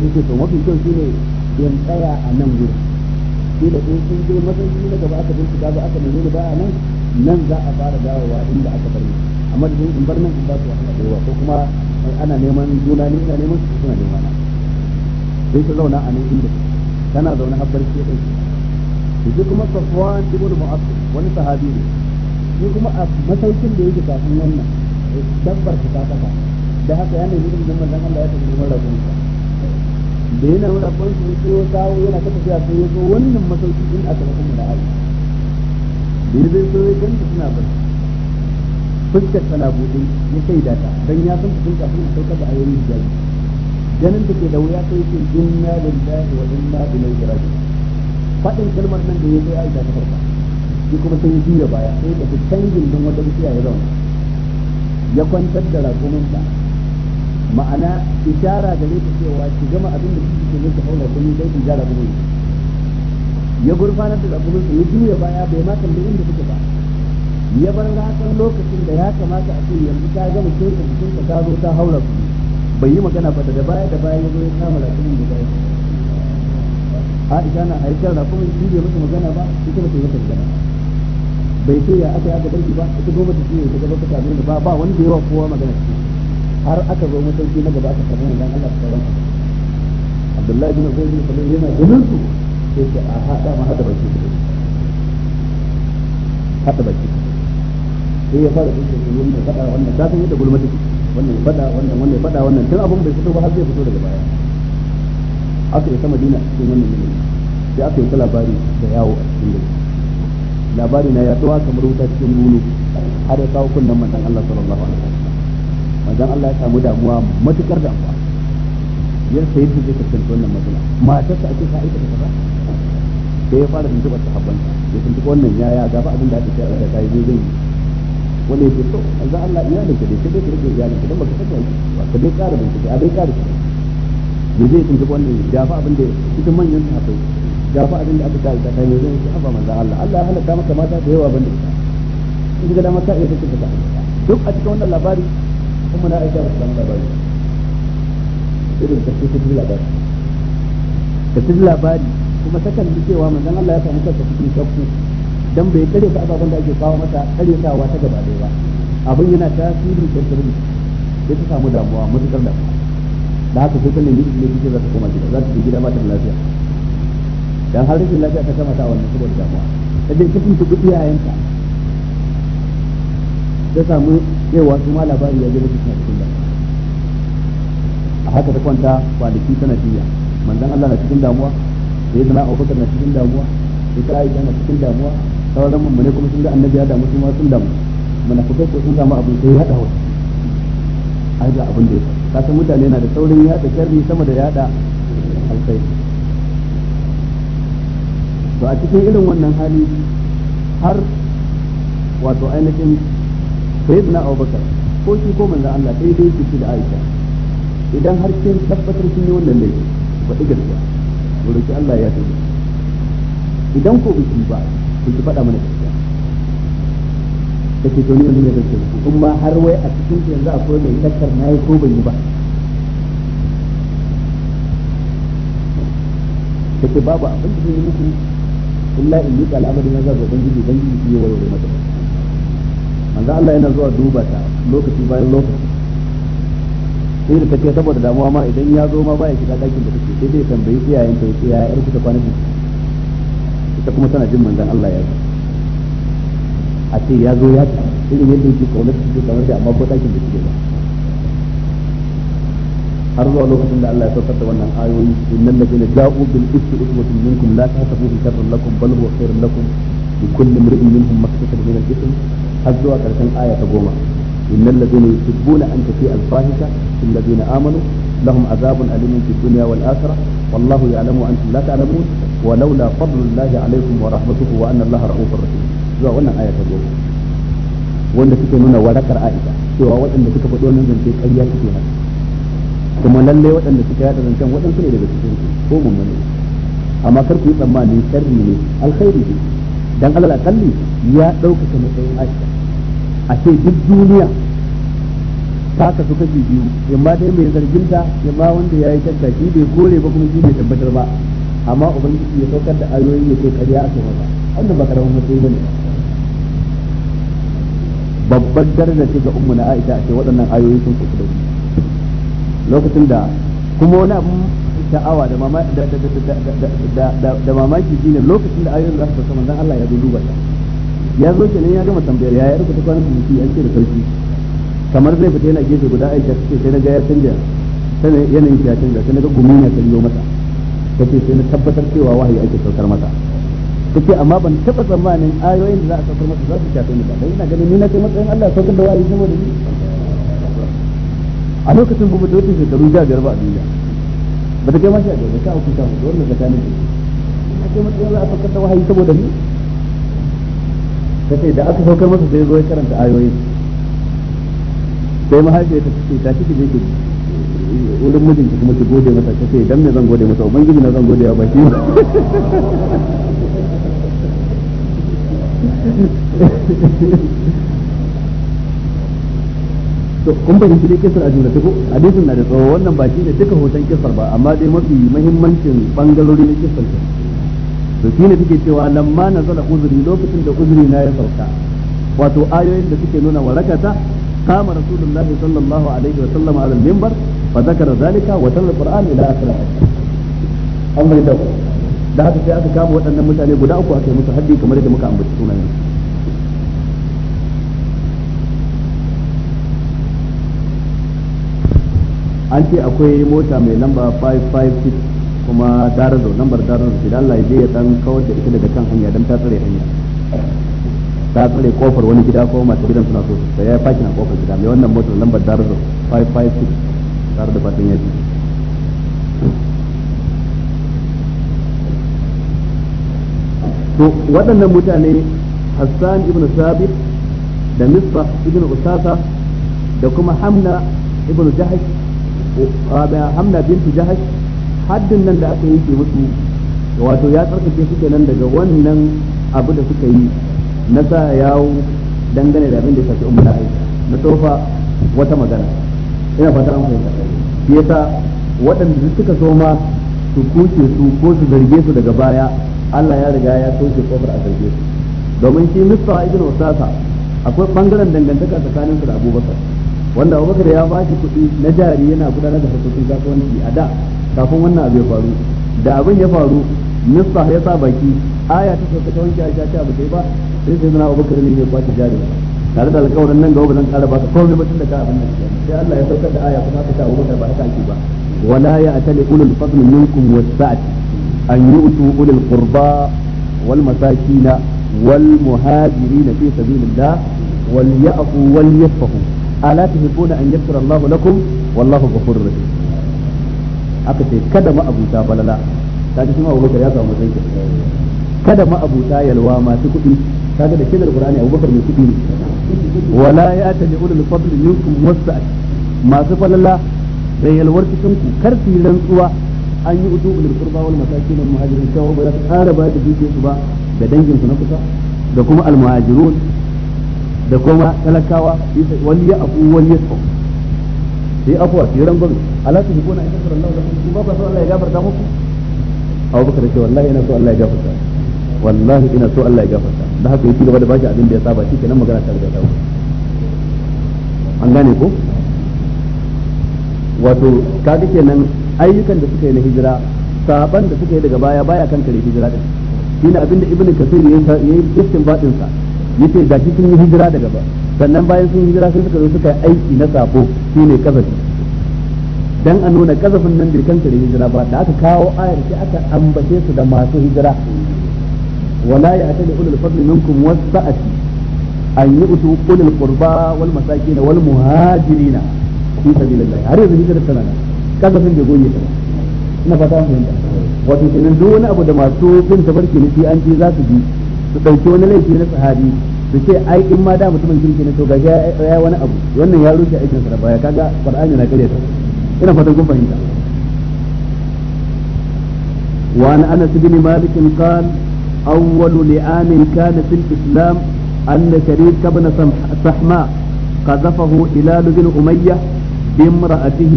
sai to mafi kyau ne tsaya a nan shi da aka bincika ba aka nemi ba nan nan za fara dawowa inda aka bar ni in bar kuma ana neman juna ne ina ta zauna a nan inda tana zaune har barci shi kuma safwan ibn da yake kafin wannan dabbar ta da haka yana yi da manzon Allah ya tafi neman da yana wani abin su ya ya kawo yana kasa shi a ya zo wannan masauki din a mu da ai da ya zai tsoro ya su suna bar fuskar tana buɗe ya sai data don ya san cikin kafin a saukar da ayoyin jari ganin da ke da wuya sai ce inna lillahi wa inna ilaihi raji'un faɗin kalmar nan da ya sai aisha ta farka shi kuma sai ya jira baya sai da canjin don wata bishiya ya zauna ya kwantar da rakuminsa ma'ana ishara gare ta cewa ki gama abin da kike so ki haura kuma dai ki jara gudu ya gurfanar da abin su ya juya baya bai ma kalli inda kike ba ya bar rakan lokacin da ya kamata a ce yanzu ta gama kinka jikinka ta zo ta haura ku bai yi magana ba da baya da baya ya zo ya kama rakumin da baya Aisha na aikar kuma shi bai masa magana ba ita ba ta yi masa magana bai ce ya aka yi aka barki ba ita goma ta ce ta gaba ta da ba ba wanda yawa kowa magana cikin har aka zo matauki na gaba aka samu wannan Allah ta rama Abdullahi bin Ubay bin Salul yana ganin su sai ce a hada ma hada baki hada baki sai ya fara cikin gulmi da fada wannan ta san da gulma wannan fada wannan wannan fada wannan tun abun bai fito ba har zai fito daga baya aka yi ta Madina cikin wannan yanayi sai aka yi ta labari da yawo a cikin gari labari na ya tsawa kamar wuta cikin bulu har ya kawo kunnen manzon Allah sallallahu alaihi wasallam wajen Allah ya samu damuwa matukar damuwa yan sayi zai kasance wannan matsala matar sa ake da kaza sai ya fara tuntuɓar ya tuntuɓa wannan yaya gaba abin da ake da kai zai yi wani so Allah dai ka baka ka dai ƙara a dai ƙara ya zai tuntuɓa wannan abin da manyan abin da aka da kai zai Allah Allah ya halatta maka mata da yawa ita in ga duk a cikin wannan labari kuma na aika musu samu labari irin ta ce cikin labari ta cikin labari kuma takan ji cewa manzon Allah ya samu kansa cikin shakku dan bai kare ta ababen da ake kawo mata kare ta wata gaba ɗaya ba abin yana tasirin kirkirin sai ta samu damuwa matukar da da haka sai kan nemi ne kike za ta koma gida za ta gida mata da lafiya dan har rashin lafiya ta kama ta wannan saboda damuwa ta je kifin ta iyayenka ta samu cewa su ma labari ya je musu suna cikin da a haka ta kwanta kwanaki tana jiya manzan Allah na cikin damuwa da ya zama Abubakar na cikin damuwa da ta aiki na cikin damuwa sauran mummune kuma sun ga annabi ya damu su ma sun damu munafikai ko sun damu abin sai ya hada wasu a ga abin da ya ka san mutane na da saurin da sharri sama da da alkhairi to a cikin irin wannan hali har wato ainihin sayyidina abubakar ko shi ko manzon Allah sai dai shi da Aisha idan har kin tabbatar kin yi wannan ne ba diga da ba roki Allah ya tabbata idan ko biki ba ku ki faɗa mana gaskiya take to ne yanzu ne zan ku kuma har wai a cikin yanzu akwai mai takkar nayi ko ban yi ba take babu abin da zai muku illa in yi al'amari na zaɓa ubangiji ubangiji ya warware mata manzo Allah yana zuwa duba ta lokaci bayan lokaci sai da take saboda damuwa ma idan ya zo ma ba ya shiga dakin da take sai dai tambayi iyayen ta yace yar ku ta kwana ne ita kuma tana jin manzon Allah ya yi a ce ya zo ya ta irin yadda yake ta ce kamar da amma ko dakin da take ba har zuwa lokacin da Allah ya saukar da wannan ayoyi innal ladina ja'u bil ismi uswatun minkum la tahsabuhu sharran lakum bal huwa khairun lakum li kulli imrin minhum ma kasaba min al-ithm har zuwa karshen aya ta goma innal ladina yuhibbuna an tafi al fahisha na amanu lahum azabun alimun fid dunya wal akhirah wallahu ya'lamu antum la ta'lamun ولولا فضل الله عليكم ورحمته وان الله رؤوف رحيم zuwa wannan aya ta goma wanda suke nuna warakar Aisha cewa waɗanda suka faɗo nan zance ƙarya suke haka kuma lalle waɗanda suka yada zancen waɗansu ne daga cikin su ko mummuni amma kar ku yi tsammani sharri ne alkhairi ne dan Allah akalli ya ɗaukaka matsayin Aisha a ce duk duniya ta kasu kashi biyu yamma dai mai zarginta yamma wanda ya yi tattaki shi bai kore ba kuma shi bai tabbatar ba amma ubangiji ya saukar da ayoyi ya ce karya aka masa wannan ba karamin matsayi ne babbar darajar ce ga ummu na Aisha a ce waɗannan ayoyi sun kusa da lokacin da kuma wani abin sha'awa da mamaki ne lokacin da ayoyin za su sauka manzon Allah ya duba ta ya zo kenan ya gama tambayar ya rubuta kwanan rubuci an ce da sarki kamar zai fita yana gefe guda aisha ce sai na ga ya canja sai yanayin ya canja sai na ga gumi na kallo mata ta ce sai na tabbatar cewa wahayi ake saukar mata ta ce amma ban taba tsammanin ayoyin da za a saukar mata za su shafe ni ba ina ganin ni na kai matsayin Allah saukar da wahayi sama da ni a lokacin ba ta wucin shekaru ja biyar ba a duniya ba ta kai ma sha biyar ba sha uku sha hudu wannan zakanin ne ina kai matsayin za a saukar da wahayi saboda ni ta ce da aka saukar masa sai zo ya karanta ayoyi sai mahaifiya ta ce ta ciki je ki wurin mijinki kuma ki gode masa ta ce dan me zan gode masa ubangiji na zan gode a baki to kun fahimci dai kisar a jumla ta hadisin na da tsawo wannan ba shi ne duka hoton kisar ba amma dai mafi muhimmancin bangarori na kisar ta to ne suke cewa lamma zala uzuri lokacin da uzuri na ya sauka wato ayoyin da suke nuna warakata sallallahu alaihi wa sallam الله عليه وسلم على zalika wa ذلك وتل ila إلى an أمر دعوة da haka sai aka kama waɗannan mutane guda uku aka yi musu haddi kamar yadda muka ambaci sunayen an ce akwai mota mai lamba 556 kuma darazo lambar darazo shi da Allah ya je ya dan kawar da ita daga kan hanya dan ta tsare hanya ta tsare kofar wani gida ko masu gidan suna so sai ya faki na kofar gida mai wannan motar lambar darazo 556 tare da batun yaji to waɗannan mutane Hassan ibn Sabit da Misbah ibn Usasa da kuma Hamna ibn Jahash ah, Hamna bintu Jahash haddin nan da aka yanke musu wato ya tsarkake su kenan daga wannan abu da suka yi na sa yawo dangane da abin da shafi umma aisha na tofa wata magana ina fata an fahimta shi yasa waɗanda duk suka so ma su kuce su ko su zarge su daga baya Allah ya riga ya toshe kofar a zarge su domin shi Mustafa ibn wasasa akwai bangaren dangantaka tsakanin su da Abubakar wanda Abubakar ya ba shi kuɗi na jari yana gudanar da harkokin kasuwanci a da kafin wannan abu ya faru da abin ya faru misbah ya sa baki aya ta sauka ta wanke aisha ta bace ba sai sai zana abubakar ne ya kwace jari tare da alƙawarin nan gaba zan ƙara ba ka komai mutum da ka abin da sai Allah ya sauka da aya kuma aka ta abubakar ba haka ake ba wala ya atali ulul fadl minkum wasa'ati an yu'tu ulul qurba wal masakina wal muhajirin fi sabilillah wal ya'fu wal yasfahu ala tuhibbuna an yaghfira Allahu lakum wallahu ghafurur rahim aka ce kada ma abuta falala kaga shi ma Abubakar ya samu matsayi kada ma abuta yalwa masu kuɗi kaga da kidar Qur'ani Abubakar mai kuɗi ne wala ya tali ulul fadl minkum wasa'at masu falala da yalwar cikin ku kar su rantsuwa an yi utu ulul qurba wal masakin wal muhajirin cewa ba za su ƙara ba da duke su ba da dangin su na kusa da kuma al muhajirun da kuma talakawa wani ya abu wani su yi afuwa su yi rangwame ala su hibuna in kasar Allah lakum in ba ku so Allah ya gafarta muku Abu Bakar ce wallahi ina so Allah ya gafarta wallahi ina so Allah ya gafarta da haka yake gaba da bashi abin da ya saba shi kenan magana ta riga ta an gane ko wato kaga kenan ayyukan da suka yi na hijira saban da suka yi daga baya baya kan kare hijira din shine abin da ibnu kasir yayi yayi istinbatin sa yace da shi sun yi hijira daga baya sannan bayan sun hijira sai suka zo suka yi aiki na sako shine kazafi dan a nuna kazafin nan bai kanta da hijira ba da aka kawo ayar sai aka ambace su da masu hijira wala ya da ulul fadl minkum wasa'ati an yu'tu ulul qurba wal masakin wal muhajirin fi sabilillah har yanzu hijira tana nan kazafin bai goye ta ina fata mun da wato kenan duk wani abu da masu bin tabarki ne sai an je za su bi su dauki wani laifi na sahabi su ce ai in ma da mutumin kirki ne to gaji ya wani abu wannan ya rushe aikin sa da baya kaga qur'ani na kare ta ina fatan kun fahimta wa an anas bin malik qal awwalu li'an kana fil islam أن شريك بن سحماء قذفه هلال بن أمية بامرأته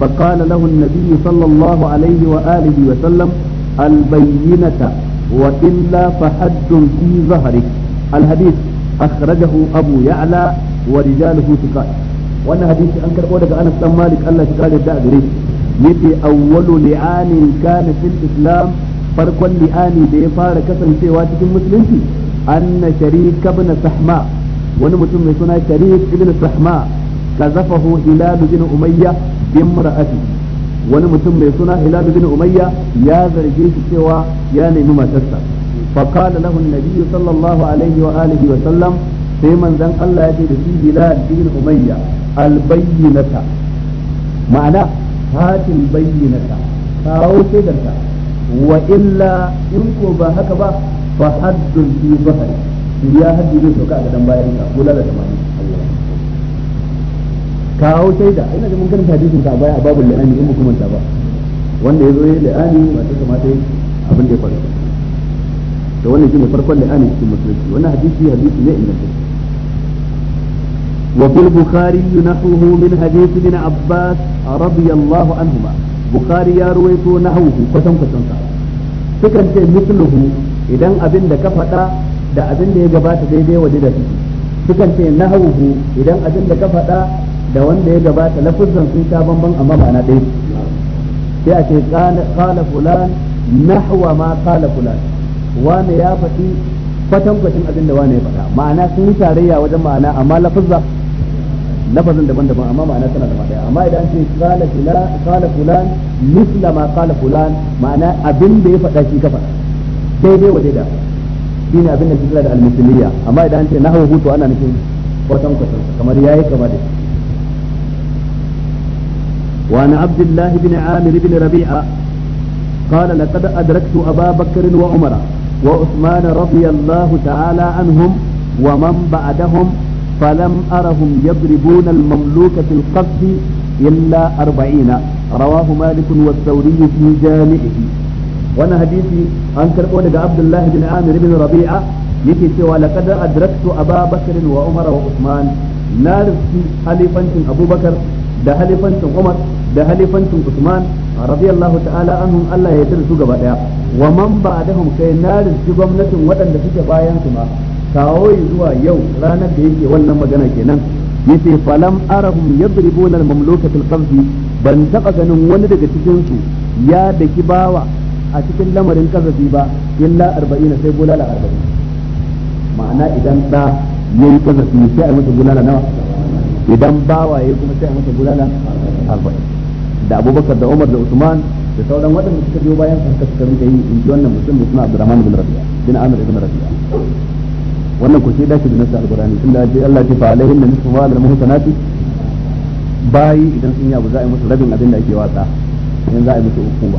فقال له النبي صلى الله عليه وآله وسلم البينة وإلا فحد في ظهرك الحديث أخرجه أبو يعلى ورجاله ثقات وأن حديث أنكر قولك أنس بن مالك الله تقال الدأدري يتي أول لعان كان في الإسلام فرق لعان بيفار كسر في واتك المسلم أن شريك بن سحماء wani mutum mai suna Sharif ibn Sahma kazafahu Hilal bin Umayya bimra'ati wani mutum mai suna Hilal bin Umayya ya zarge shi cewa ya nemi matarsa فقال له النبي صلى الله عليه وآله وسلم sai manzan Allah ya ce da shi Bilal bin Umayya albayyinata ma'ana hatin bayyinata kawo shaidarta wa illa in ko ba haka ba fa haddun fi bahari ya haddi zai sauka a gadan bayan ka kula da tamani kawo shaida ina da mun karanta hadisin ka baya a babul la'ani in kuma ta ba wanda yazo yayi la'ani wato kamata abin da ya faru da wani shine farkon da ani cikin musulunci wannan hadisi hadisi ne inda ke wa fil bukhari yunahu min hadisi min abbas radiyallahu anhuma bukhari ya ruwaito nahwu kwatan kwatan sa sukan ce mutluhu idan abin da ka da abin da ya gabata daidai wa da shi sukan ce nahwu idan abin da ka fada da wanda ya gabata lafuzan sun ta bamban amma ba na dai sai kala ce nahawa ma qala fulan wane ya faɗi kwatankwacin abin da wane ya faɗa ma'ana sun yi tarayya wajen ma'ana amma lafazza lafazin daban-daban amma ma'ana tana da ɗaya amma idan ce kala fulan kala fulan misla ma qala fulan ma'ana abin da ya faɗa shi ka faɗa daidai wa daida shine abin da kira da al amma idan ce nahwu hutu ana nufin kwatan kwatan kamar yayi kamar da وعن عبد الله بن عامر بن ربيعة قال لقد أدركت أبا بكر وعمر وعثمان رضي الله تعالى عنهم ومن بعدهم فلم أرهم يضربون المملوك في القصف إلا أربعين رواه مالك والثوري في جامعه وانا حديثي أنكر أولد عبد الله بن عامر بن ربيعة yake cewa laqad adraktu Aba Bakr wa Umar wa Usman na riski halifancin Abubakar da halifancin Umar da halifancin Usman radiyallahu ta'ala anhum Allah ya yarda su gaba ɗaya wa man ba'dahum kai na rizki gwamnatin waɗanda suke bayan su ma kawo zuwa yau ranar da yake wannan magana kenan yace falam arahum yadribuna al-mamlukata al-qabdi ban taɓa ganin wani daga cikinsu ya daki bawa a cikin lamarin kazafi ba illa 40 sai bulala 40 ma'ana idan da yayi kazafi sai a masa bulala nawa idan bawa yayi kuma sai a masa bulala da abubakar da umar da usman da sauran waɗanda suka biyo bayan su suka suka rinka yi in ji wannan mutum da suna abdurrahman bin rabi'a bin amir ibn rabi'a wannan ku sai dace da nasu alqur'ani tunda Allah ta fa alaihim min nisfa wal muhsanati bayi idan sun yi abu za a yi musu rabin abin da ake watsa idan za a yi musu hukuma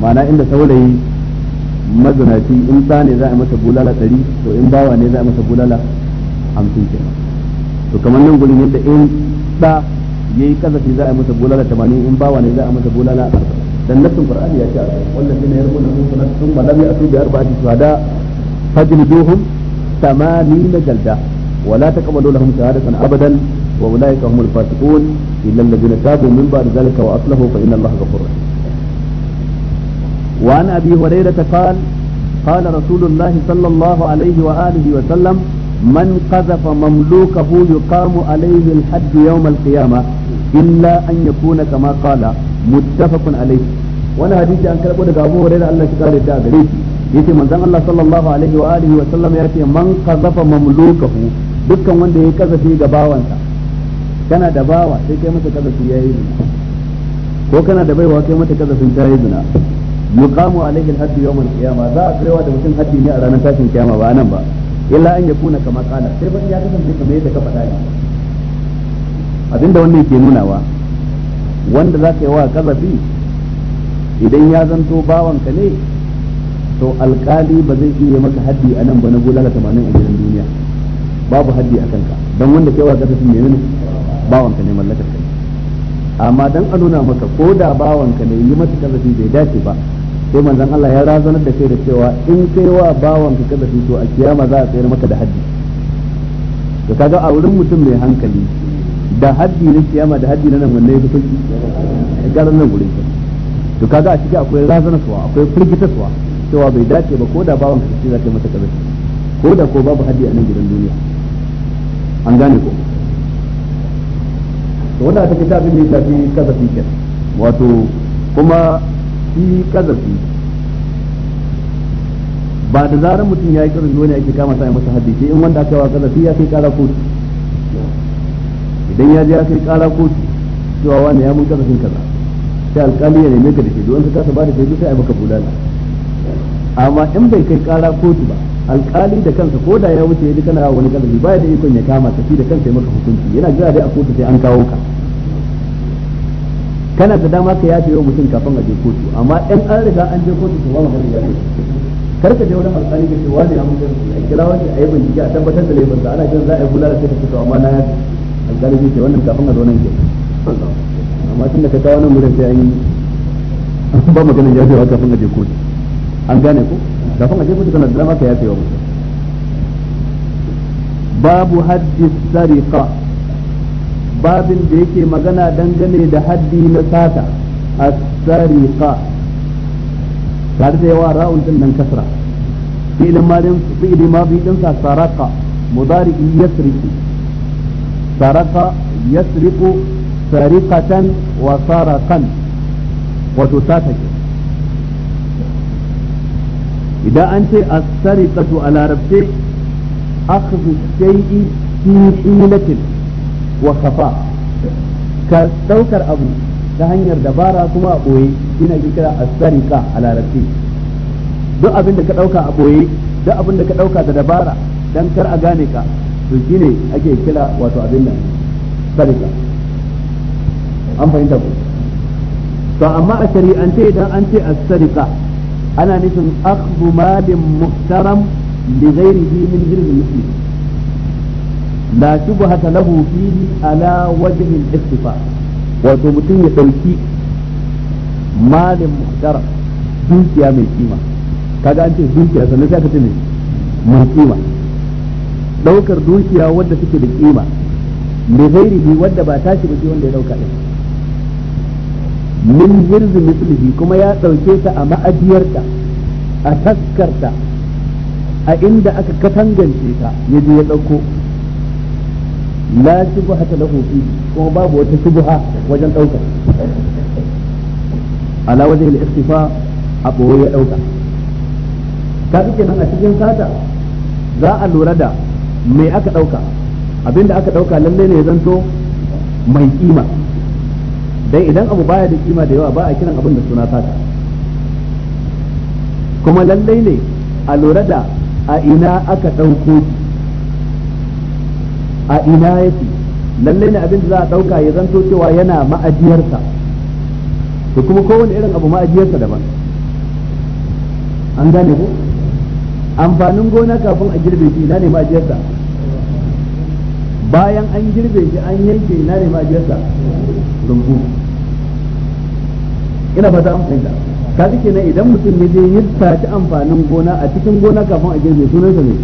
ma'ana inda saurayi mazinaci in ɗa ne za a yi masa bulala ɗari to in bawa ne za a yi masa bulala hamsin kenan to kamar nan gurin yadda in ɗa yayi kazafi za a masa bulala 80 in bawa ne za a masa bulala 40 dan nassin qur'ani ya ce wannan ne yarbu na mun sunan sun malam ya asu bi arba'ati shuhada fajliduhum 80 jalda ولا تقبلوا لهم شهادة أبدا وأولئك هم الفاسقون إلا الذين تابوا من بعد ذلك وأصلحوا فإن الله غفور رحيم وعن أبي هريرة قال قال رسول الله صلى الله عليه وآله وسلم من قذف مملوكه يقام عليه الحد يوم القيامة illa an yakuna kama qala muttafaqun alayhi wani hadisi an karbo daga Abu Hurairah Allah shi kare da gare shi yace manzon Allah sallallahu alaihi wa alihi wa sallam ya ce man qazafa mamlukahu dukkan wanda ya kazafi ga bawansa kana da bawa sai kai masa kazafi yayi zina ko kana da baiwa kai mata kazafin ta yi zina yuqamu alaihi al-hadd yawm al-qiyamah za a kaiwa da mutum haddi ne a ranar tashin kiyama ba nan ba illa an yakuna kama qala sai ban ya kasance kamar yadda ka faɗa ne abinda wannan ke nunawa wanda za ka yi wa kazafi idan ya zanto bawanka ne to alkali ba zai iya maka haddi a nan ba na ga 80 a gidan duniya babu haddi a kanka don wanda kai wa kasafi ne ne bawanka ne mallakar ka amma dan a nuna maka ko da bawanka ne yi mata kazafi bai dace ba sai manzon Allah ya razanar da kai da cewa in kai wa bawanka kazafi to a kiyama za a tsayar maka da haddi to kaga a wurin mutum mai hankali da haddi na kiyama da haddi na nan wanne kai sauki garan nan gurin to kaga a ciki akwai razanarwa akwai firgitarwa cewa bai dace ba ko da bawan kace za ka kaza ko da ko babu haddi a nan gidan duniya an gane ko to wannan take ta abin da ya shafi kazafi ke wato kuma shi kazafi ba da zarar mutum ya yi karin dole ake kama sa masa haddi sai in wanda aka yi wa kazafi ya kai kara kotu idan ya je ya kai kara kotu cewa wani ya mun kasafin kaza sai alkali ya neme ka da shi don ka kasa ba da shaidu sai a maka bulala amma in bai kai kara kotu ba alkali da kansa ko da ya wuce ya ji kana wani kasafi ba da ikon ya kama ka da kansa ya maka hukunci yana jira dai a kotu sai an kawo ka kana da dama ka yafe wa mutum kafin a je kotu amma in an riga an je kotu to ba magana ya kar ka je wani alkali ka ce wani ya mutum a kira wani a yi bincike a tabbatar da laifin ana jin za a yi bulala sai ka fito amma na yafe galibi ke wannan kafin a zonan ke amma tun da ka kawo nan wurin sai an yi ba maganin ya yafewa kafin a je kotu an gane ko kafin a je kotu kana dama ka ya yafewa mutum babu haddi sariqa babin da yake magana dangane da haddi na sata a sariqa tare da yawa ra'un din nan kasra fi'il ma fi'il madi din sa saraqa mudari yasriqu saraka yasriku sariqatan wa kan wato sata ke idan an ce as-sariqatu a larabce akhdhu shay'i fi wa khafa ka ɗaukar abu ta hanyar dabara kuma a boye ina kira as-sariqa a larabce duk abin da ka dauka a boye duk abin ka dauka da dabara dan kar a gane ka to shine ake kira wato abin nan sadaka an fahimta ku to amma a shari'ance idan an ce as-sariqa ana nufin akhdhu malin muhtaram bi ghairihi min ghiril muslim la shubhata lahu fihi ala wajhi al istifa wato mutum ya dauki malin muhtaram dukiya mai kima kaga an ce dukiya sannan sai aka ce mai kima daukar dukiya wadda take da kima da ni wadda ba tashi ba wanda ya dauka din min hirzi mislihi kuma ya dauke ta a ma'ajiyarta a taskarta a inda aka katangance ta ya je ya dauko la ta lahu fi kuma babu wata shubha wajen dauka ala wajhi al iktifa a boye ya ɗauka. ka kike nan a cikin sata za a lura da me aka dauka abinda aka dauka lallai ne zanto mai kima dan idan abu baya da kima da yawa ba a kiran abin da suna sata kuma lalle ne a lura da a ina aka dauko a ina yake lalle ne abin da za a dauka ya zanto cewa yana ma'ajiyarsa to kuma kowane irin abu ma'ajiyarsa daban an gane ko amfanin gona kafin a girbe shi ina ne ma'ajiyarsa bayan an girbe shi an yanke na ne ma'ajiyarsa rumbu ina fata an ka ji kenan idan mutum ya je ya taci amfanin gona a cikin gona kafin a girbe sunansa ne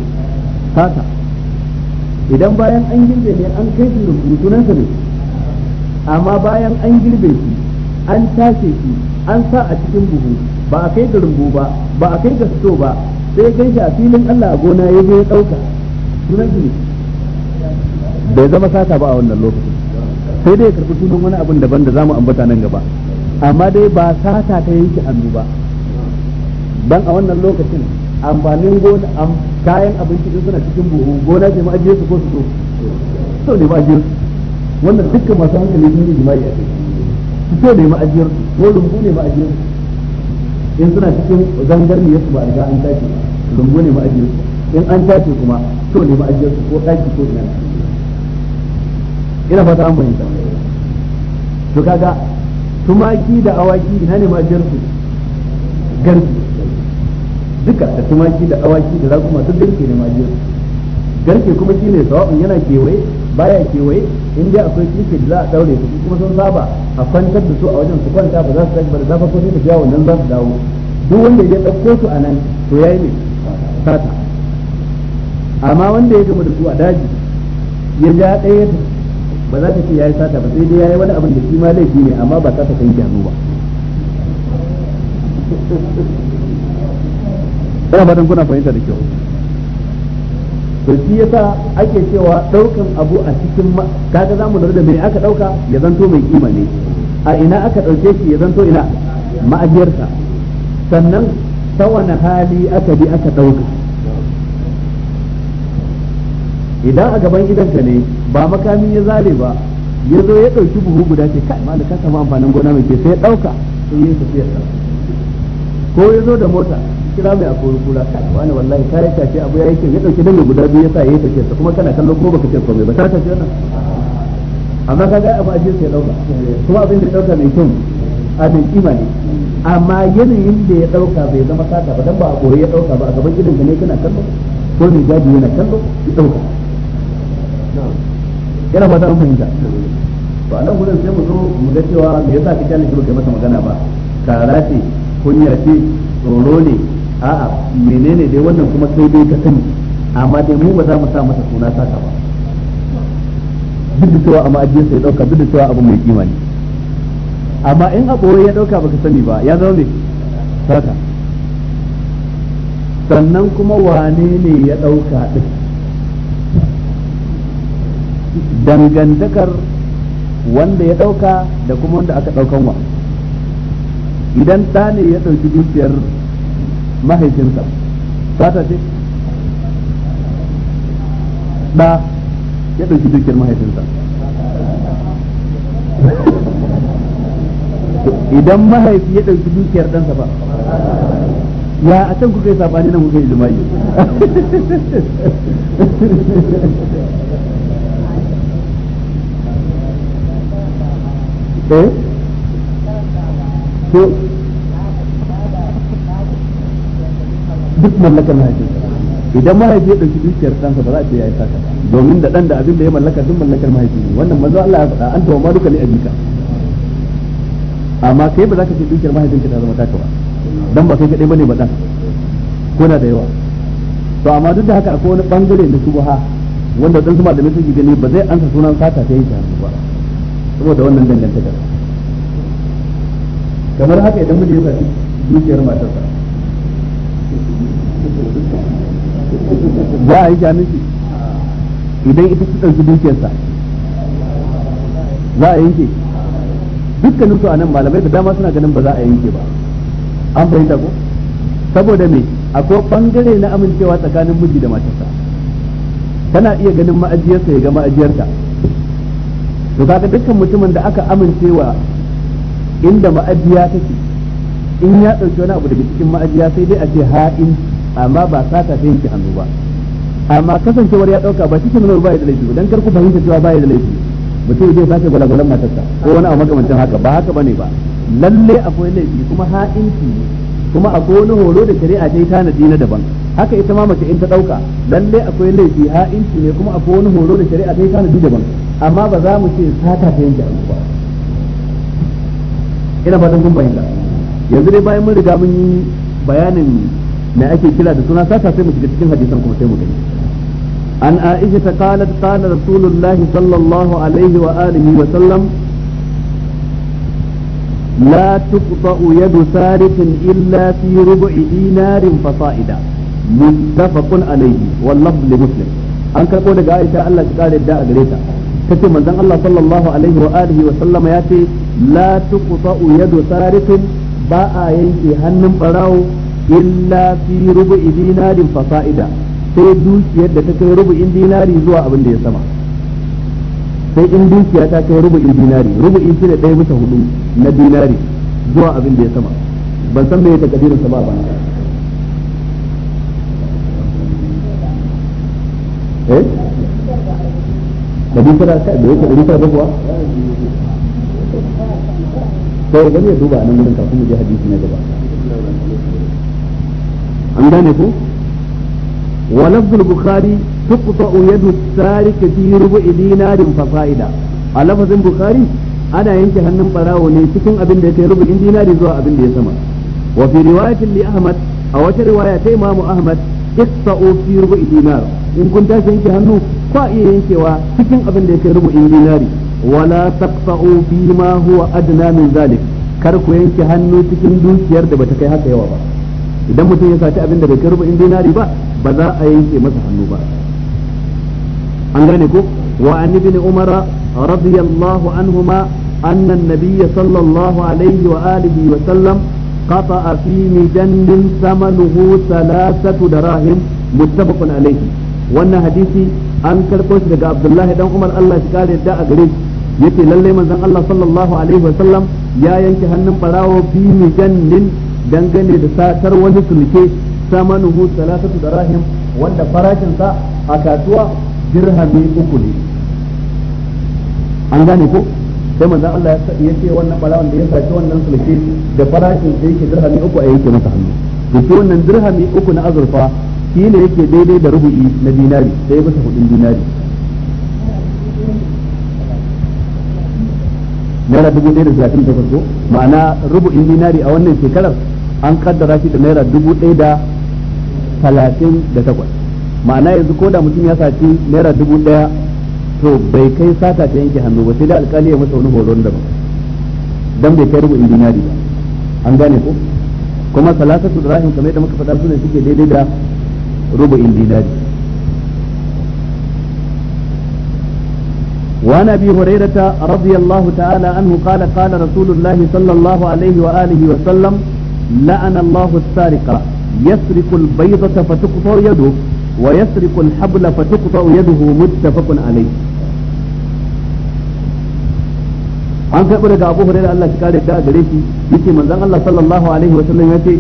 sata idan bayan an girbe ne an kai shi rumbu sunansa ne amma bayan an girbe shi an tashe shi an sa a cikin buhu ba a kai ga rumbu ba ba a kai ga sito ba sai gaishe a filin Allah a gona ya je ya ɗauka sunansa ne bai zama sata ba a wannan lokacin sai dai ya karɓi sunan wani abin daban da zamu ambata nan gaba amma dai ba sata ta yanke hannu ba dan a wannan lokacin amfanin gona kayan abinci din suna cikin buhu gona ce ma ajiye su ko su so so ne ma su wannan dukkan masu hankali sun yi jima'i a kai su so ne ma su ko lungu ne ma su in suna cikin zangar ne su ba a riga an tashi lungu ne ma ajiyar su in an tashi kuma so ne ma ajiyar su ko ɗaki ko ina ina fata an fahimta to kaga tumaki da awaki ina ne ma jarsu garbi duka da tumaki da awaki da zakuma duk garke ne ma jarsu garke kuma shi ne sawa'un yana kewaye baya kewaye in dai akwai kike da za a daure su kuma sun saba a kwantar da su a wajen su kwanta ba za su tashi ba da zafa ko sai jawo nan za su dawo duk wanda ya dauko su a nan to yayi ne sata amma wanda ya gama da su a daji ya ja ɗaya ba za ta ce yi sata ba sai dai ya yi wani abin da shi ma laifi ne amma ba sata kan kyanu ba ina don kuna fahimta da kyau to shi yasa ake cewa daukan abu a cikin kaga zamu lura da me aka dauka ya zanto mai kima ne a ina aka dauke shi ya zanto ina ma'ajiyarsa sannan ta wani hali aka bi aka dauka idan a gaban gidanka ne ba makami ya zale ba ya zo ya ɗauki buhu guda ce kai ma da ka samu amfanin gona mai ke sai ya ɗauka sai ya tafiya ko ya zo da mota kira mai akwai kura kai wani wallahi ka yi tafi abu ya yi kyau ya ɗauki dangin guda biyu ya sa ya yi tafiya kuma kana kallo ko baka ce komai ba ta tafi wannan amma ka ga abu ajiyar sai ɗauka kuma abin da ɗauka mai kyau mai kima ne amma yanayin da ya ɗauka bai zama sata ba dan ba a kore ya ɗauka ba a gaban gidanka ne kana kallo ko ne gadi yana kallo ya ɗauka yana ba ta an fahimta ba a nan gudun sai mu zo mu ga cewa me yasa ka kyale shi kai masa magana ba kara ce kunya ce tsoro ne a'a menene dai wannan kuma kai dai ka sani amma dai mu ba za mu sa masa suna saka ba duk da cewa amma ajiyar sai dauka duk da cewa abu mai kima ne amma in a tsoro ya dauka baka sani ba ya zama ne saka sannan kuma wane ne ya dauka din dangantakar wanda ya ɗauka da kuma wanda aka daukan wa idan ta ne ya dauki dukiyar mahaifinsa fata ce ɗa ya dauki dukiyar mahaifinsa idan mahaifi ya dauki dukiyar ɗansa ba ya a can kuka yi sabani na kuka yi jima'i Eh? duk mallakar mahaifi idan mahaifi ya ɗauki dukiyar ɗansa ba za a ce ya yi saka domin da ɗan da abin da ya mallaka duk mallakar mahaifi ne wannan maza Allah ya faɗa an tawa ma duka ne jika amma kai ba za ka ce dukiyar mahaifinka ta zama taka ba dan ba kai kaɗai ne ba ɗan ko na da yawa to amma duk da haka akwai wani ɓangare da ha wanda dan su malamai suke gani ba zai ansa sunan sata ta yi ta ba saboda wannan dangantakar kamar haka idan miji ya saki dukiyar matarsa za a yi jami'i idan ita ta ɗauki dukiyarsa za a yanke dukkanin su a nan malamai da dama suna ganin ba za a yanke ba an fahimta ko saboda me akwai bangare na amincewa tsakanin miji da matarsa tana iya ganin ma'ajiyarsa ya ga ma'ajiyarta to ga dukkan mutumin da aka amincewa inda ma'ajiya take in ya ɗauki wani abu daga cikin ma'ajiya sai dai a ce ha'in amma ba sata ta yake hannu ba amma kasancewar ya ɗauka ba cikin nuna ba ya da laifi dan kar ku fahimta cewa ba ya da laifi mutum zai sake gwalagwalan matarsa ko wani abu makamancin haka ba haka bane ba lalle akwai laifi kuma ha'inci kuma akwai wani horo da shari'a ta yi tanadi na daban haka ita ma mace in ta ɗauka lalle akwai laifi ha'inci ne kuma akwai wani horo da shari'a ta yi tanadi daban amma ba za mu ce sata ta yanke abu ba ina fatan kun bayyana yanzu dai bayan mun riga mun yi bayanin me ake kira da suna sata sai mu shiga cikin hadisan kuma sai mu gani an aisha ta qala rasulullahi sallallahu alaihi wa alihi wa sallam لا تقطع يد سارق إلا في ربع دينار فصائدا متفق عليه واللفظ لمسلم Aisha Allah عائشة الله تقال الداء قريتا tace manzon Allah sallallahu alaihi wa alihi wa sallama ya ce la tuqta'u yadu sariqin ba a yanke hannun barawo illa fi rubu'i dinarin fa'ida sai dukiyar da ta kai rubu'in dinari zuwa abin da ya sama sai in dukiya ta kai rubu'in dinari rubu'in shi da ɗaya bisa hudu na dinari zuwa abin da ya sama ban san me ya takadirin sa ba ba eh ɗari tara da yake ɗari tara kuwa to idan ya duba nan gurin kafin mu je hadisi na gaba an gane ku wa bukhari tuqta'u yadu sarika fi rubu'i dinarin fasaida a lafazin bukhari ana yanke hannun barawo ne cikin abin da ya kai rubu'in dinari zuwa abin da ya sama wa fi riwayatin li ahmad a wata riwaya ta imamu ahmad iqta'u fi rubu'i dinar in kun tashi yanke hannu ko iya yankewa cikin abin da yake rubu'in dinari wala taqta'u fi ma huwa adna min zalik kar ku yanke hannu cikin dukiyar da bata kai haka yawa ba idan mutum ya saci abin da bai kai rubu'in dinari ba ba za a yanke masa hannu ba an gane ko wa an ibn umara radiyallahu anhuma anna an-nabiy sallallahu alaihi wa alihi wa sallam قطع في مجن ثمنه ثلاثة دراهم متفق عليه وأن hadisi. an karɓo shi daga abdullahi dan umar allah shi kare yadda a gare shi yace lallai manzon allah sallallahu alaihi wa sallam ya yanke hannun barawo bi mijannin dangane da satar wani sulke samanuhu da rahim wanda farashin sa a kasuwa dirhami uku ne an gane ko sai manzon allah ya ce wannan barawon da ya sace wannan sulke da farashin sa yake dirhami uku a yanke masa hannu to wannan dirhami uku na azurfa shi ne yake daidai da rubu'i na dinari sai masa hudun dinari naira dubu ɗaya da talatin da farko ma'ana rubu'in dinari a wannan shekarar an kaddara shi da naira dubu ɗaya da talatin da takwas ma'ana yanzu ko da mutum ya saci naira dubu ɗaya to bai kai sata ta yanke hannu ba sai da alkali ya masa wani horon ba. dan bai kai rubu'in dinari ba an gane ko kuma salatatu rahim kamar da muka faɗa su ne suke daidai da rubu'in dinari وعن ابي هريره رضي الله تعالى عنه قال قال رسول الله صلى الله عليه واله وسلم لعن الله السارق يسرق البيضه فتقطع يده ويسرق الحبل فتقطع يده متفق عليه an karɓi daga abu hurairah Allah ya kare ta gare shi yace manzon Allah sallallahu alaihi wa sallam yace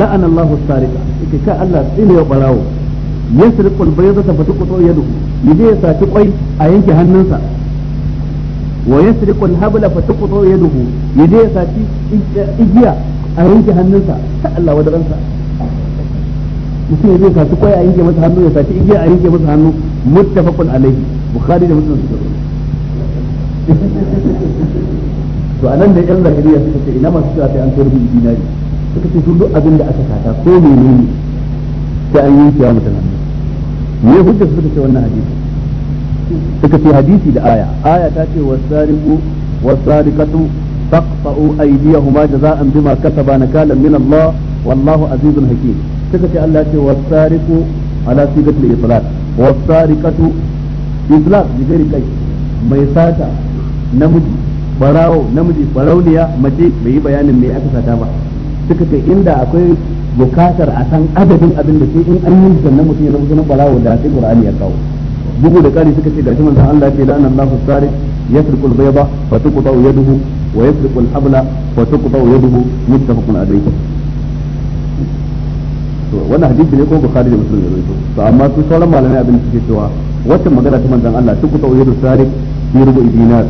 la'ana Allahu sarika suke ka Allah tsine ya barawo yasriqu al ya zata yaduhu yaje ya saki kwai a yanke hannunsa wa yasriqu al-habla fatuqtu yaduhu yaje ya ya saki igiya a yanke hannunsa ta Allah wadaransa mutum zai saki kwai a yanke masa hannu ya saki igiya a yanke masa hannu muttafaqun alaihi bukhari da muslim suka to anan da yan zakariya suka ce ina masu cewa sai an tarbi dinari suka ce sun duk abin da aka sata ko menene sai an yi yanke wa mutum hannu me hujja suka ce wannan hadisi suka ce hadisi da aya aya ta ce wasariqu wasariqatu faqta'u aydiyahuma jaza'an bima kasaba nakalan min Allah wallahu azizun hakim suka ce Allah ce wasariqu ala sigatil itlaq wasariqatu itlaq bi ghairi kai mai sata namiji barawo namiji barauniya mace mai yi bayanin me aka sata ba suka ce inda akwai bukatar a san adadin abin da sai in an yi sannan mutum ya zama sunan balawo da sai qur'ani ya kawo bugu da kari suka ce gashi manzon Allah ce la'ana Allahu sarik yasriqu al-bayda fa tuqta yaduhu wa yasriqu al-habla fa tuqta yaduhu muttafaqun alayh to wannan hadisi ne ko bukhari da muslim ya rawaito to amma su sauran malamai abin da suke cewa wata magana ta manzon Allah tuqta yadu sarik fi rubu dinar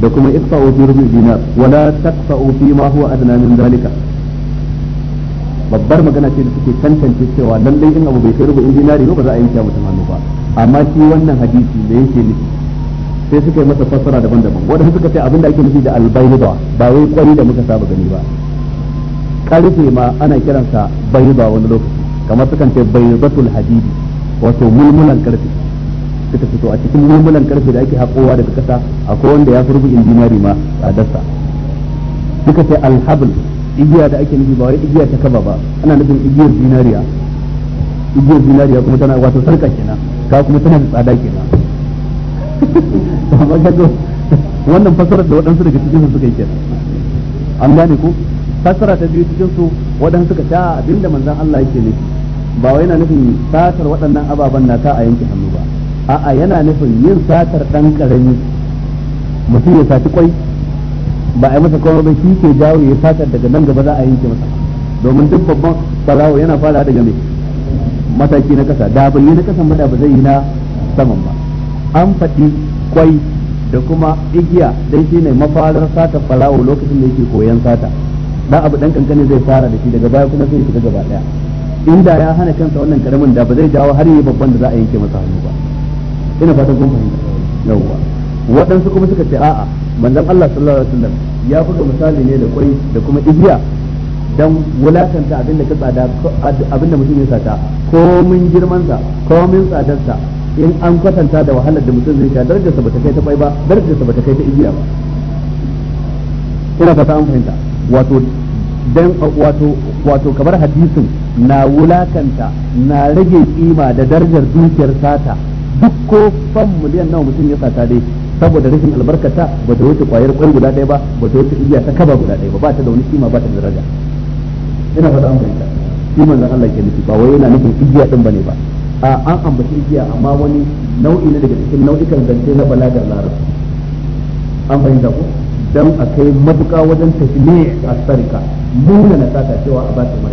da kuma iqta'u fi rubu dinar wala taqta'u fi ma huwa adna min dalika babbar magana ce da suke tantance cewa lallai in abu bai kai rubu in dinari ba za a yanke mutum hannu ba amma shi wannan hadisi da yake nufi sai suka yi masa fassara daban-daban waɗanda suka ce abinda ake nufi da albayda ba wai kwari da muka saba gani ba karfe ma ana kiransa ba wani lokaci kamar sukan ce baydatul hadidi wato mulmulan karfe suka fito a cikin mulmulan karfe da ake haƙowa daga kasa akwai wanda ya fi rubu injiniyari ma a dasa suka ce alhabl igiya da ake nufi ba wai igiya ta kaba ba ana nufin igiyar zinariya igiyar zinariya kuma tana wato sarka kenan ka kuma tana da tsada kenan amma kaga wannan fasarar da waɗansu daga cikin su suka yi kenan an gane ko fasara ta biyu cikin su waɗansu suka ta abinda manzon Allah yake nufi ba wai yana nufin satar waɗannan ababen na ta a yanke hannu ba a'a yana nufin yin satar dan karami mutum ya sati kwai ba a yi masa kowa ba shi ke jawo ya fata daga nan gaba za a yanke masa domin duk babban farawo yana fara daga mai mataki na kasa da bai yi na kasa ba ba zai yi na saman ba an faɗi kwai da kuma igiya dan shi ne mafarar sata farawo lokacin da yake koyan sata da abu dan kankane zai fara da shi daga baya kuma sai shiga gaba daya inda ya hana kansa wannan karamin da ba zai jawo har yi babban da za a yanke masa hannu ba ina fatan kun fahimta yawwa waɗansu kuma suka ce a'a manzon Allah sallallahu alaihi wasallam ya buga misali ne da kwai da kuma igiya dan wulakanta abin da ka tsada abin da mutum ya sata komin girman sa komin tsadar sa in an kwatanta da wahalar da mutum zai sha darajar sa bata kai ta kwai ba darajar sa bata kai ta igiya ba ina fata an fahimta wato dan wato wato kamar hadisin na wulakanta na rage kima da darajar dukiyar sata duk ko fan miliyan nawa mutum ya sata dai saboda rashin albarkata ba ta wuce kwayar kwan guda ɗaya ba ba ta wuce igiya ta kaba guda ɗaya ba ba ta da wani kima ba ta da daraja ina faɗa an fahimta shi da Allah ke nufi ba wai yana nufin igiya din bane ba a an ambaci igiya amma wani nau'i ne daga cikin nau'ikan zance na balagar larabci an fahimta ko dan a kai matuƙa wajen tafiye a sarika muna na sata cewa a ba ta mai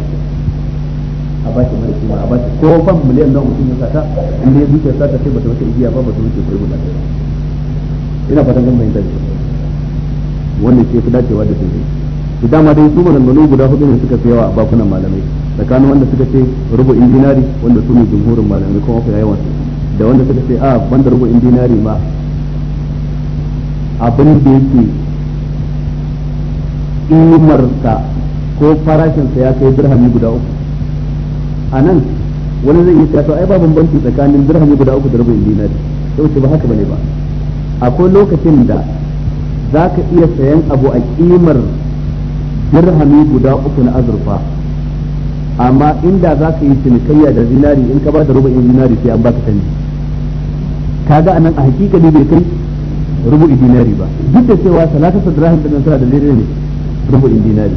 a ba mara shi ba a ba ta ko ban miliyan nawa mutum ya sata in ya zuciyar sata sai ba ta wuce igiya ba ba ta wuce kurmi da ina fatan zan bayyana shi wannan ke fi dacewa da sun to dama dai su maganganu guda hudu ne suka fi yawa a bakunan malamai tsakanin wanda suka ce rubu dinari wanda su ne jumhurin malamai kuma kuma yawan da wanda suka ce a ah, banda rubu injinari ma abin da yake imarsa ko farashinsa ya kai dirhami guda uku a nan wani zai iya cewa ai ba bambanci tsakanin dirhami guda uku da rubu dinari sai ba haka bane ba akwai lokacin da za ka iya sayan abu a kimar dirhami guda uku na azurfa amma inda za ka yi cinikayya da zinari in ka ba da rubu'in zinari sai an baka canji kaga anan a hakika ne bai kai rubu'in dinari ba duk da cewa salatatu dirham da nasara da lere ne rubu'in dinari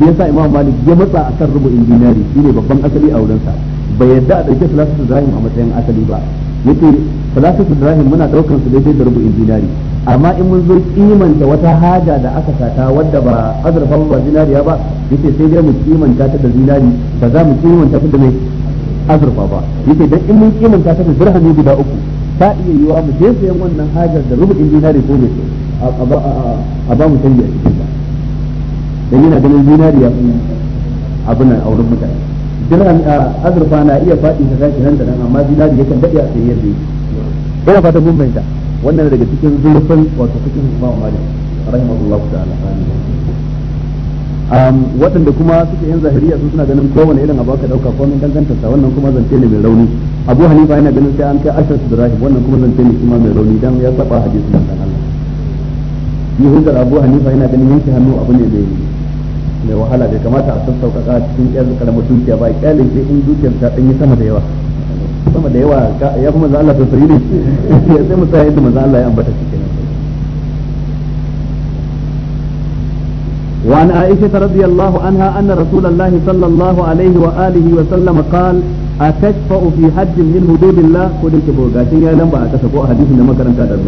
shi yasa imam malik ya matsa akan rubu'in dinari shine babban asali a wurinsa bai yadda a dauke salatatu dirham a matsayin asali ba yake salatatu dirahim muna daukar su daidai da rubu'in dinari amma in mun zo kimanta wata haja da aka sata wadda ba azurfa ba zinariya ba yace sai dai mu kimanta ta da zinari ba za mu kimanta ta da mai azurfa ba yace dan in mun kimanta ta da dirhami guda uku ta iya yiwa mu je sayan wannan hajar da rubu'in dinari ko ne a ba mu canji a cikin ba dan yana ganin zinariya abin nan auren mutane a azurfa na iya faɗi ta tashi nan da nan amma zinari yakan daɗe a tsaye yadda yake ina fata mun fahimta wannan daga cikin zurfin wato cikin Imam Malik rahimahullahu ta'ala um waɗanda kuma suke yin zahiriya su suna ganin kowane irin abu aka dauka ko mun danganta sa wannan kuma zance ne mai rauni Abu Hanifa yana ganin sai an kai ashar Ibrahim wannan kuma zance ne kuma mai rauni dan ya saba hadisi nan Allah yi hujjar Abu Hanifa yana ganin yanke hannu abu ne mai mai wahala bai kamata a sassauƙaƙa cikin ƴar karamar dukiya ba kyalin sai in dukiyar ta ɗanyi sama da yawa sama da yawa ya fi manzo Allah sosai ne sai mu tsaya inda manzo Allah ya ambata shi kenan وعن عائشة رضي الله عنها أن رسول الله صلى الله عليه وآله وسلم قال أتشفأ في حد من حدود الله قد انتبهوا قاتل يا لنبا أتشفوا حديث لما كان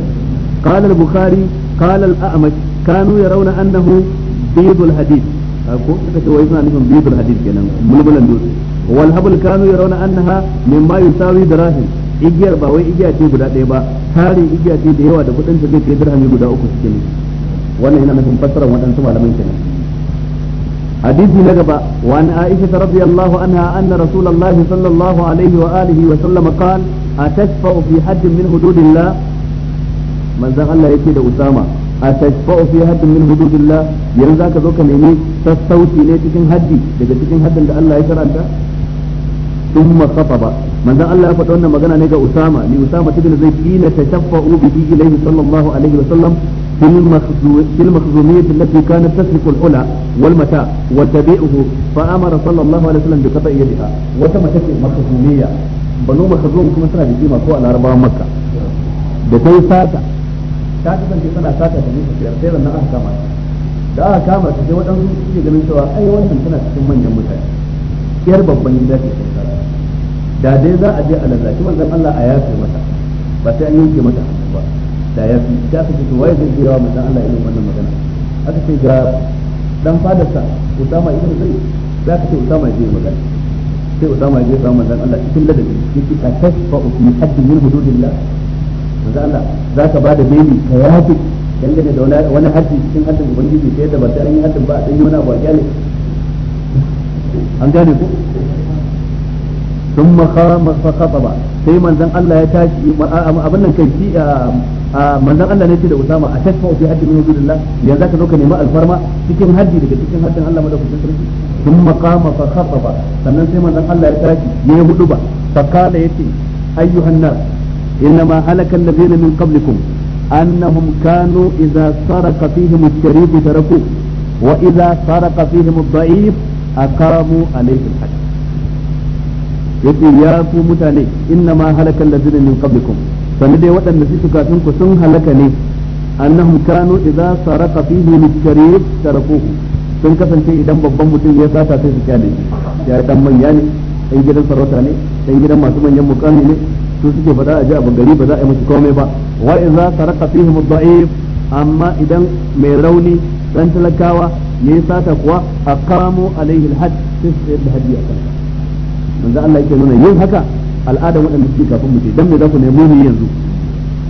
قال البخاري قال الأعمش كانوا يرون أنه بيض الحديث أقول لك وإذن بيض الحديث كنا ملبلا دوسي wal habl kanu yarawna annaha mimma yusawi dirahim igiyar ba wai igiya ce guda ɗaya ba tarin igiya ce da yawa da kudin ta zai kai dirhami guda uku suke ne wannan yana nufin fassarar waɗansu malaman kenan hadisi na gaba wa an aisha radiyallahu anha anna rasulullahi sallallahu alaihi wa alihi wa sallam qala atashfa'u fi haddin min hududillah manzon Allah yake da Usama atashfa'u fi haddin min hududillah yanzu zaka zo ka nemi sassauci ne cikin haddi daga cikin haddin da Allah ya karanta thumma khataba manzon Allah ya faɗa wannan magana ne ga Usama ni Usama ibn Zaid kila tashaffa'u bihi ilayhi sallallahu alaihi wa sallam في المخزومية التي كانت تسرق wa والمتاع وتبيعه فأمر صلى الله عليه وسلم بقطع يدها وتم تسرق مخزومية بنو مخزوم كما سنة بقيمة سوء الأربعة مكة بتي ساتا ساتا تنتي سنة ساتا تنتي سير سير أنها كما da aka kama ta sai waɗansu suke ganin cewa ai wannan tana cikin manyan mutane yar babban yadda da dai za a je a lallaci manzon Allah a yafe mata ba sai an yanke mata hannu ba da yafi da aka ce to waye zai jira manzon Allah irin wannan magana aka ce ga dan fadarsa Usama ibn Zaid da ka ce Usama zai magana sai Usama zai samu manzon Allah cikin ladabi yake ka tasfa fi haddi min hududillah manzon Allah za ka ba da beli ka yafe dangane da wani haddi cikin haddin ubangiji sai da ba sai an yi haddin ba a dan yi wani abu a kyale an gane ku ثم ba sai manzan Allah ya tashi abin nan kai shi manzan Allah ne ce da Usama a tashfa fi haddi min la yanzu zaka zo ka nemi alfarma cikin haddi daga cikin haddin Allah madaukakin sarki ثم قام ba sannan sai manzan Allah ya tashi hudu ba fa kala yace ayyuhan nas انما هلك الذين من قبلكم انهم كانوا ta سرق wa الشريف تركوه واذا سرق فيهم الضعيف اقاموا عليه الحد yace ya ku mutane inna ma halakal ladina min qablikum sanin dai waɗanda su kafin ku sun halaka ne annahum kanu idza saraka fihi al-karir tarakuhu sun kasance idan babban mutum ya sata sai su kyale ya dan manya ne dan gidan sarauta ne dan gidan masu manyan mukami ne su suke fada a ji a gari ba za a yi musu komai ba wa idza saraka fihi mudha'if amma idan mai rauni dan talakawa ya sata kuwa aqamu alaihi al-hadd sai su da hadiya kansa manzo Allah yake nuna yin haka al'ada waɗanda suke kafin mu ce dan me za ku nemi mu yanzu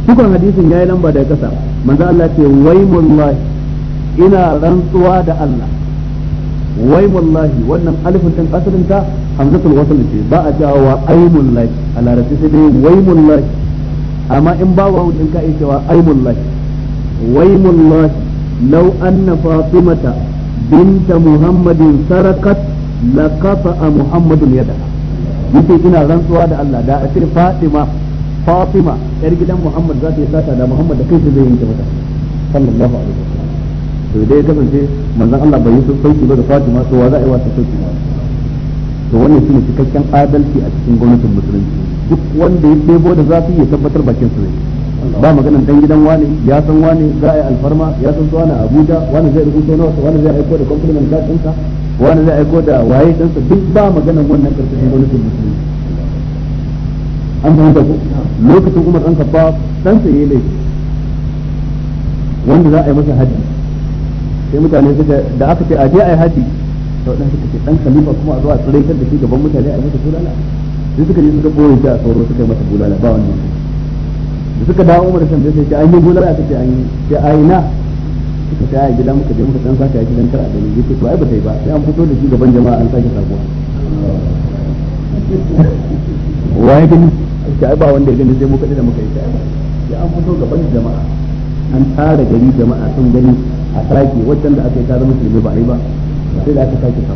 cikon hadisin yayi lamba da kasa manzo Allah ce wai wallahi ina rantsuwa da Allah wai wallahi wannan alifin din asalin ta hamzatul wasl ce ba a cewa wa aimul lahi a larabci sai dai wai wallahi amma in ba wa din ka yi cewa aimul lahi wai wallahi law anna fatimata binta muhammadin sarakat laqata muhammadun yadaha yace ina rantsuwa da Allah da a cikin Fatima Fatima yar gidan Muhammad za ta yi sata da Muhammad da kansa zai ta mata sallallahu alaihi wasallam to dai kasance manzon Allah bai yi sauki ba da Fatima to wa za a yi wata sauki ba to wannan shine cikakken adalci a cikin gwamnatin musulunci duk wanda ya ɗebo da zafi ya tabbatar bakin su ne ba maganan dan gidan wani ya san wani za a yi alfarma ya san su wani abuja wani zai rubuto nawa wani zai aiko da compliment card ɗinka wani zai aiko da waye dan sa duk ba maganan wannan ne gwamnatin musulmi an fahimta ko lokacin Umar dan ba dan sa yayi laifi wanda za a yi masa haji sai mutane suka da aka ce a je a yi haji to dan suka ce dan khalifa kuma a zo a tsiraitar da shi gaban mutane a yi masa bulala sai suka je suka boye shi a tsoro suka yi masa bulala ba wannan da suka dawo Umar sai sai an yi bulala sai ce an yi sai a yi na suka kaya gida muka je muka dan saka gidan kar a gani yace to ai ba ta yi ba sai an fito da shi gaban jama'a an sake sabuwa waye gani ta ba wanda ya gani sai mu kaɗai da muka yi ta sai an fito gaban jama'a an tara gari jama'a sun gani a sake waccan da aka yi tara musulmi ba a yi ba sai da aka sake sabuwa